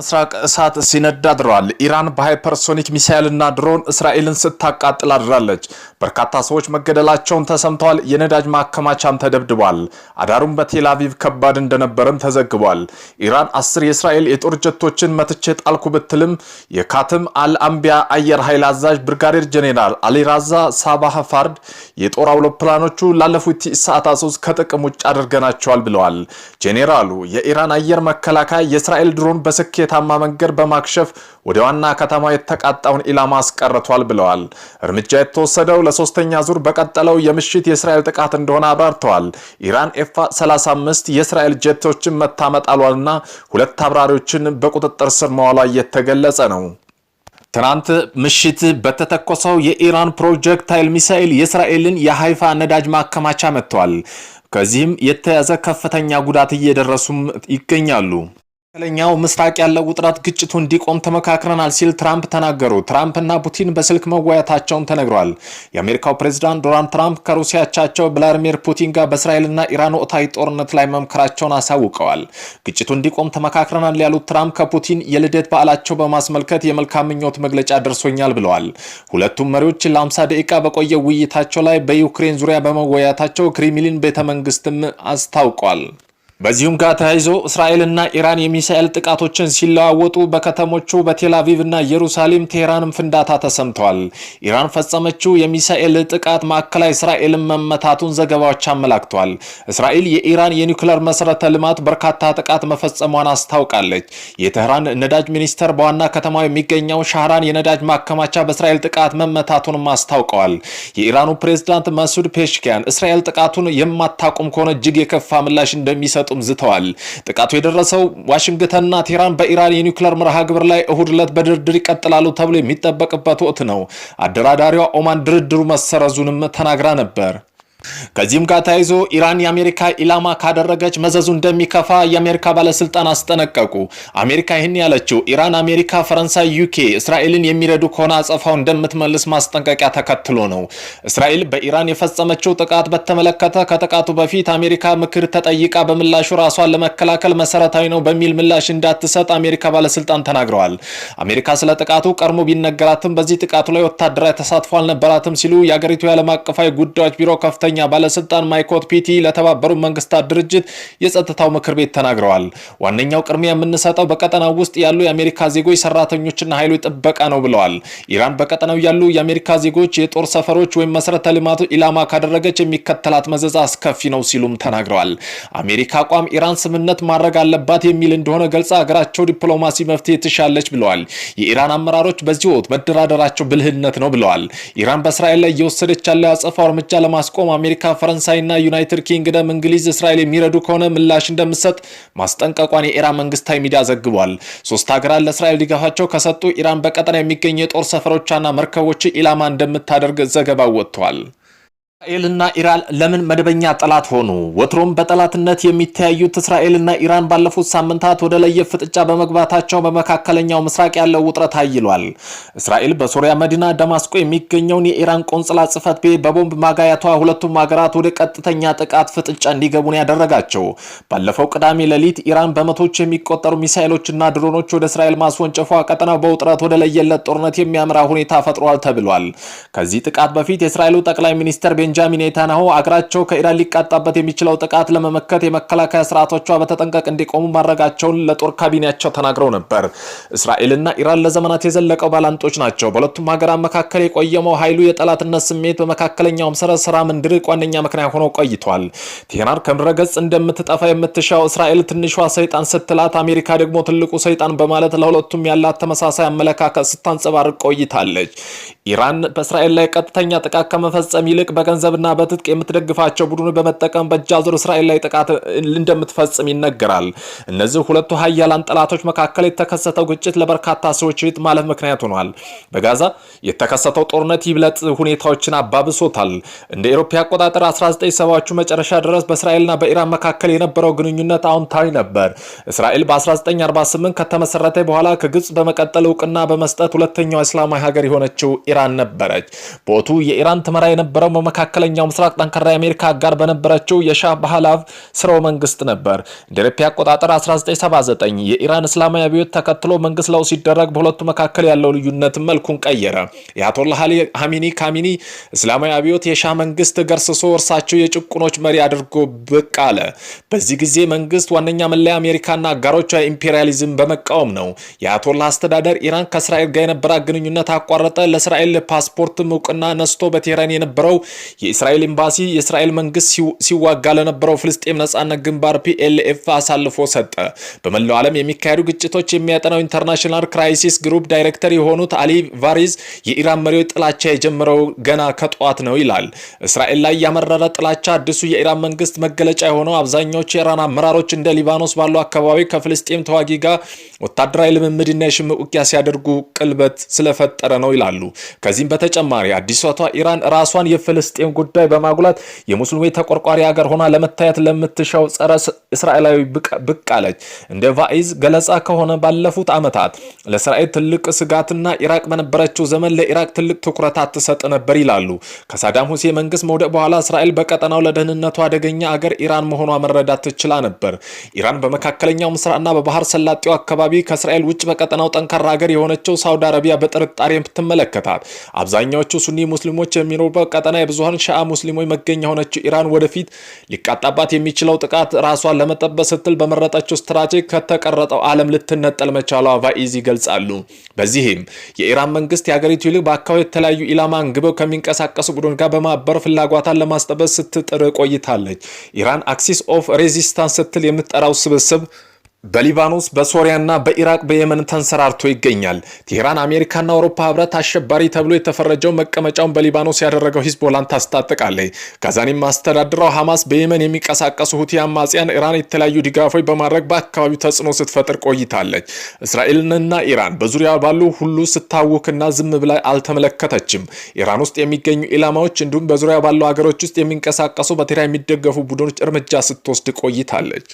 ምስራቅ እሳት ሲነድ አድሯል። ኢራን በሃይፐርሶኒክ ሚሳይልና ድሮን እስራኤልን ስታቃጥል አድራለች። በርካታ ሰዎች መገደላቸውን ተሰምተዋል። የነዳጅ ማከማቻም ተደብድቧል። አዳሩም በቴላቪቭ ከባድ እንደነበረም ተዘግቧል። ኢራን አስር የእስራኤል የጦር ጀቶችን መትቼ ጣልኩ ብትልም የካትም አልአምቢያ አየር ኃይል አዛዥ ብርጋዴር ጄኔራል አሊራዛ ሳባህ ፋርድ የጦር አውሮፕላኖቹ ላለፉት ሰዓታት ሶስት ከጥቅም ውጭ አድርገናቸዋል ብለዋል። ጄኔራሉ የኢራን አየር መከላከያ የእስራኤል ድሮን በስኬት በስኬታማ መንገድ በማክሸፍ ወደ ዋና ከተማ የተቃጣውን ኢላማ አስቀርቷል ብለዋል። እርምጃ የተወሰደው ለሶስተኛ ዙር በቀጠለው የምሽት የእስራኤል ጥቃት እንደሆነ አብራርተዋል። ኢራን ኤፍ 35 የእስራኤል ጀቶችን መታመጣሏልና ሁለት አብራሪዎችን በቁጥጥር ስር መዋሏ እየተገለጸ ነው። ትናንት ምሽት በተተኮሰው የኢራን ፕሮጀክታይል ሚሳኤል የእስራኤልን የሃይፋ ነዳጅ ማከማቻ መጥተዋል። ከዚህም የተያዘ ከፍተኛ ጉዳት እየደረሱም ይገኛሉ። መካከለኛው ምስራቅ ያለው ውጥረት ግጭቱ እንዲቆም ተመካክረናል ሲል ትራምፕ ተናገሩ። ትራምፕና ፑቲን በስልክ መወያየታቸውን ተነግሯል። የአሜሪካው ፕሬዚዳንት ዶናልድ ትራምፕ ከሩሲያ አቻቸው ፑቲን ጋር በእስራኤልና ኢራን ወቅታዊ ጦርነት ላይ መምከራቸውን አሳውቀዋል። ግጭቱ እንዲቆም ተመካክረናል ያሉት ትራምፕ ከፑቲን የልደት በዓላቸው በማስመልከት የመልካም ምኞት መግለጫ ደርሶኛል ብለዋል። ሁለቱም መሪዎች ለ50 ደቂቃ በቆየ ውይይታቸው ላይ በዩክሬን ዙሪያ በመወያየታቸው ክሬምሊን ቤተ መንግስትም አስታውቋል። በዚሁም ጋር ተያይዞ እስራኤልና ኢራን የሚሳኤል ጥቃቶችን ሲለዋወጡ በከተሞቹ በቴላቪቭ እና ኢየሩሳሌም ቴህራንም ፍንዳታ ተሰምተዋል። ኢራን ፈጸመችው የሚሳኤል ጥቃት ማዕከላዊ እስራኤልን መመታቱን ዘገባዎች አመላክተዋል። እስራኤል የኢራን የኒውክለር መሰረተ ልማት በርካታ ጥቃት መፈጸሟን አስታውቃለች። የቴህራን ነዳጅ ሚኒስተር በዋና ከተማ የሚገኘው ሻህራን የነዳጅ ማከማቻ በእስራኤል ጥቃት መመታቱንም አስታውቀዋል። የኢራኑ ፕሬዝዳንት መሱድ ፔሽኪያን እስራኤል ጥቃቱን የማታቁም ከሆነ እጅግ የከፋ ምላሽ እንደሚሰጡ ሲሰጡም ዝተዋል። ጥቃቱ የደረሰው ዋሽንግተንና ቴህራን በኢራን የኒውክሌር መርሃ ግብር ላይ እሁድ ዕለት በድርድር ይቀጥላሉ ተብሎ የሚጠበቅበት ወቅት ነው። አደራዳሪዋ ኦማን ድርድሩ መሰረዙንም ተናግራ ነበር። ከዚህም ጋር ተያይዞ ኢራን የአሜሪካ ኢላማ ካደረገች መዘዙ እንደሚከፋ የአሜሪካ ባለስልጣን አስጠነቀቁ። አሜሪካ ይህን ያለችው ኢራን፣ አሜሪካ፣ ፈረንሳይ፣ ዩኬ እስራኤልን የሚረዱ ከሆነ አጸፋው እንደምትመልስ ማስጠንቀቂያ ተከትሎ ነው። እስራኤል በኢራን የፈጸመችው ጥቃት በተመለከተ ከጥቃቱ በፊት አሜሪካ ምክር ተጠይቃ በምላሹ ራሷን ለመከላከል መሰረታዊ ነው በሚል ምላሽ እንዳትሰጥ አሜሪካ ባለስልጣን ተናግረዋል። አሜሪካ ስለ ጥቃቱ ቀድሞ ቢነገራትም በዚህ ጥቃቱ ላይ ወታደራዊ ተሳትፎ አልነበራትም ሲሉ የአገሪቱ የዓለም አቀፋዊ ጉዳዮች ቢሮ ከፍተ ከፍተኛ ባለስልጣን ማይኮት ፒቲ ለተባበሩት መንግስታት ድርጅት የጸጥታው ምክር ቤት ተናግረዋል። ዋነኛው ቅድሚያ የምንሰጠው በቀጠናው ውስጥ ያሉ የአሜሪካ ዜጎች፣ ሰራተኞችና ኃይሎች ጥበቃ ነው ብለዋል። ኢራን በቀጠናው ያሉ የአሜሪካ ዜጎች፣ የጦር ሰፈሮች ወይም መሰረተ ልማቶች ኢላማ ካደረገች የሚከተላት መዘዝ አስከፊ ነው ሲሉም ተናግረዋል። አሜሪካ አቋም ኢራን ስምምነት ማድረግ አለባት የሚል እንደሆነ ገልጸ ሀገራቸው ዲፕሎማሲ መፍትሄ ትሻለች ብለዋል። የኢራን አመራሮች በዚህ ወቅት መደራደራቸው ብልህነት ነው ብለዋል። ኢራን በእስራኤል ላይ እየወሰደች ያለው አጸፋው እርምጃ ለማስቆም አሜሪካ፣ ፈረንሳይና ዩናይትድ ኪንግደም፣ እንግሊዝ እስራኤል የሚረዱ ከሆነ ምላሽ እንደምትሰጥ ማስጠንቀቋን የኢራን መንግስታዊ ሚዲያ ዘግቧል። ሶስት ሀገራት ለእስራኤል ድጋፋቸው ከሰጡ ኢራን በቀጠና የሚገኙ የጦር ሰፈሮቿና መርከቦች ኢላማ እንደምታደርግ ዘገባ ወጥቷል። እስራኤልና ኢራን ለምን መደበኛ ጠላት ሆኑ? ወትሮም በጠላትነት የሚተያዩት እስራኤልና ኢራን ባለፉት ሳምንታት ወደ ለየት ፍጥጫ በመግባታቸው በመካከለኛው ምስራቅ ያለው ውጥረት አይሏል። እስራኤል በሶሪያ መዲና ደማስቆ የሚገኘውን የኢራን ቆንጽላ ጽፈት ቤት በቦምብ ማጋያቷ ሁለቱም ሀገራት ወደ ቀጥተኛ ጥቃት ፍጥጫ እንዲገቡን ያደረጋቸው። ባለፈው ቅዳሜ ሌሊት ኢራን በመቶች የሚቆጠሩ ሚሳይሎችና ድሮኖች ወደ እስራኤል ማስወንጨፏ ቀጠናው በውጥረት ወደ ለየለት ጦርነት የሚያምራ ሁኔታ ፈጥሯል ተብሏል። ከዚህ ጥቃት በፊት የእስራኤሉ ጠቅላይ ሚኒስተር ቤንጃሚን ኔታንያሁ አገራቸው ከኢራን ሊቃጣበት የሚችለው ጥቃት ለመመከት የመከላከያ ስርዓቶቿ በተጠንቀቅ እንዲቆሙ ማድረጋቸውን ለጦር ካቢኔያቸው ተናግረው ነበር። እስራኤልና ኢራን ለዘመናት የዘለቀው ባላንጦች ናቸው። በሁለቱም ሀገራት መካከል የቆየመው ኃይሉ የጠላትነት ስሜት በመካከለኛው ምሰረት ስራ እንዲርቅ ዋነኛ ምክንያት ሆኖ ቆይቷል። ቴህራን ከምድረ ገጽ እንደምትጠፋ የምትሻው እስራኤል ትንሿ ሰይጣን ስትላት፣ አሜሪካ ደግሞ ትልቁ ሰይጣን በማለት ለሁለቱም ያላት ተመሳሳይ አመለካከት ስታንጸባርቅ ቆይታለች። ኢራን በእስራኤል ላይ ቀጥተኛ ጥቃት ከመፈጸም ይልቅ በገንዘብ በገንዘብና በትጥቅ የምትደግፋቸው ቡድኑ በመጠቀም በእጅ እስራኤል ላይ ጥቃት እንደምትፈጽም ይነገራል። እነዚህ ሁለቱ ሀያላን ጠላቶች መካከል የተከሰተው ግጭት ለበርካታ ሰዎች ህይወት ማለፍ ምክንያት ሆኗል። በጋዛ የተከሰተው ጦርነት ይብለጥ ሁኔታዎችን አባብሶታል። እንደ አውሮፓ አቆጣጠር 1970ዎቹ መጨረሻ ድረስ በእስራኤልና በኢራን መካከል የነበረው ግንኙነት አዎንታዊ ነበር። እስራኤል በ1948 ከተመሰረተ በኋላ ከግብፅ በመቀጠል እውቅና በመስጠት ሁለተኛው እስላማዊ ሀገር የሆነችው ኢራን ነበረች። ቦቱ የኢራን ትመራ የነበረው በመካከል መካከለኛው ምስራቅ ጠንካራ የአሜሪካ ጋር በነበረችው የሻ ባህላቭ ስርወ መንግስት ነበር። እንደ ኢትዮጵያ አቆጣጠር 1979 የኢራን እስላማዊ አብዮት ተከትሎ መንግስት ለው ሲደረግ በሁለቱ መካከል ያለው ልዩነት መልኩን ቀየረ። የአያቶላህ አሊ ሀሚኒ ካሚኒ እስላማዊ አብዮት የሻህ መንግስት ገርስሶ እርሳቸው የጭቁኖች መሪ አድርጎ ብቅ አለ። በዚህ ጊዜ መንግስት ዋነኛ መለያ አሜሪካና አጋሮቿ ኢምፔሪያሊዝም በመቃወም ነው። የአያቶላህ አስተዳደር ኢራን ከእስራኤል ጋር የነበራት ግንኙነት አቋረጠ። ለእስራኤል ፓስፖርት እውቅና ነስቶ በቴህራን የነበረው የእስራኤል ኤምባሲ የእስራኤል መንግስት ሲዋጋ ለነበረው ፍልስጤም ነጻነት ግንባር ፒኤልኤፍ አሳልፎ ሰጠ። በመላው ዓለም የሚካሄዱ ግጭቶች የሚያጠናው ኢንተርናሽናል ክራይሲስ ግሩፕ ዳይሬክተር የሆኑት አሊ ቫሪዝ የኢራን መሪዎች ጥላቻ የጀመረው ገና ከጠዋት ነው ይላል። እስራኤል ላይ ያመረረ ጥላቻ አዲሱ የኢራን መንግስት መገለጫ የሆነው አብዛኛዎቹ የኢራን አመራሮች እንደ ሊባኖስ ባሉ አካባቢ ከፍልስጤም ተዋጊ ጋር ወታደራዊ ልምምድና የሽምቅ ውጊያ ሲያደርጉ ቅልበት ስለፈጠረ ነው ይላሉ። ከዚህም በተጨማሪ አዲሷቷ ኢራን ራሷን የፍልስጤም ይህን ጉዳይ በማጉላት የሙስሊሙ ተቆርቋሪ ሀገር ሆና ለመታየት ለምትሻው ጸረ እስራኤላዊ ብቅ አለች። እንደ ቫኢዝ ገለጻ ከሆነ ባለፉት ዓመታት ለእስራኤል ትልቅ ስጋትና ኢራቅ በነበረችው ዘመን ለኢራቅ ትልቅ ትኩረት አትሰጥ ነበር ይላሉ። ከሳዳም ሁሴን መንግስት መውደቅ በኋላ እስራኤል በቀጠናው ለደህንነቱ አደገኛ አገር ኢራን መሆኗ መረዳት ትችላ ነበር። ኢራን በመካከለኛው ምስራቅና በባህር ሰላጤው አካባቢ ከእስራኤል ውጭ በቀጠናው ጠንካራ ሀገር የሆነችው ሳውዲ አረቢያ በጥርጣሬ ትመለከታል። አብዛኛዎቹ ሱኒ ሙስሊሞች የሚኖሩበት ቀጠና የብዙሀን ሻአ ሙስሊሞች መገኛ የሆነችው ኢራን ወደፊት ሊቃጣባት የሚችለው ጥቃት ራሷን ለመጠበቅ ስትል በመረጠችው ስትራቴጂ ከተቀረጠው ዓለም ልትነጠል መቻሏ ቫኢዝ ይገልጻሉ። በዚህም የኢራን መንግስት የሀገሪቱ ይልቅ በአካባቢ የተለያዩ ኢላማ አንግበው ከሚንቀሳቀሱ ቡድን ጋር በማበር ፍላጓታን ለማስጠበቅ ስትጥር ቆይታለች። ኢራን አክሲስ ኦፍ ሬዚስታንስ ስትል የምትጠራው ስብስብ በሊባኖስ በሶሪያና በኢራቅ በየመን ተንሰራርቶ ይገኛል። ቴህራን አሜሪካና አውሮፓ ህብረት አሸባሪ ተብሎ የተፈረጀው መቀመጫውን በሊባኖስ ያደረገው ሂዝቦላን ታስታጥቃለች። ጋዛን አስተዳድረው ሐማስ በየመን የሚንቀሳቀሱ ሁቲ አማጽያን ኢራን የተለያዩ ድጋፎች በማድረግ በአካባቢው ተጽዕኖ ስትፈጥር ቆይታለች። እስራኤልንና ኢራን በዙሪያ ባሉ ሁሉ ስታውክና ዝም ብላ አልተመለከተችም። ኢራን ውስጥ የሚገኙ ኢላማዎች እንዲሁም በዙሪያ ባሉ ሀገሮች ውስጥ የሚንቀሳቀሱ በቴህራን የሚደገፉ ቡድኖች እርምጃ ስትወስድ ቆይታለች።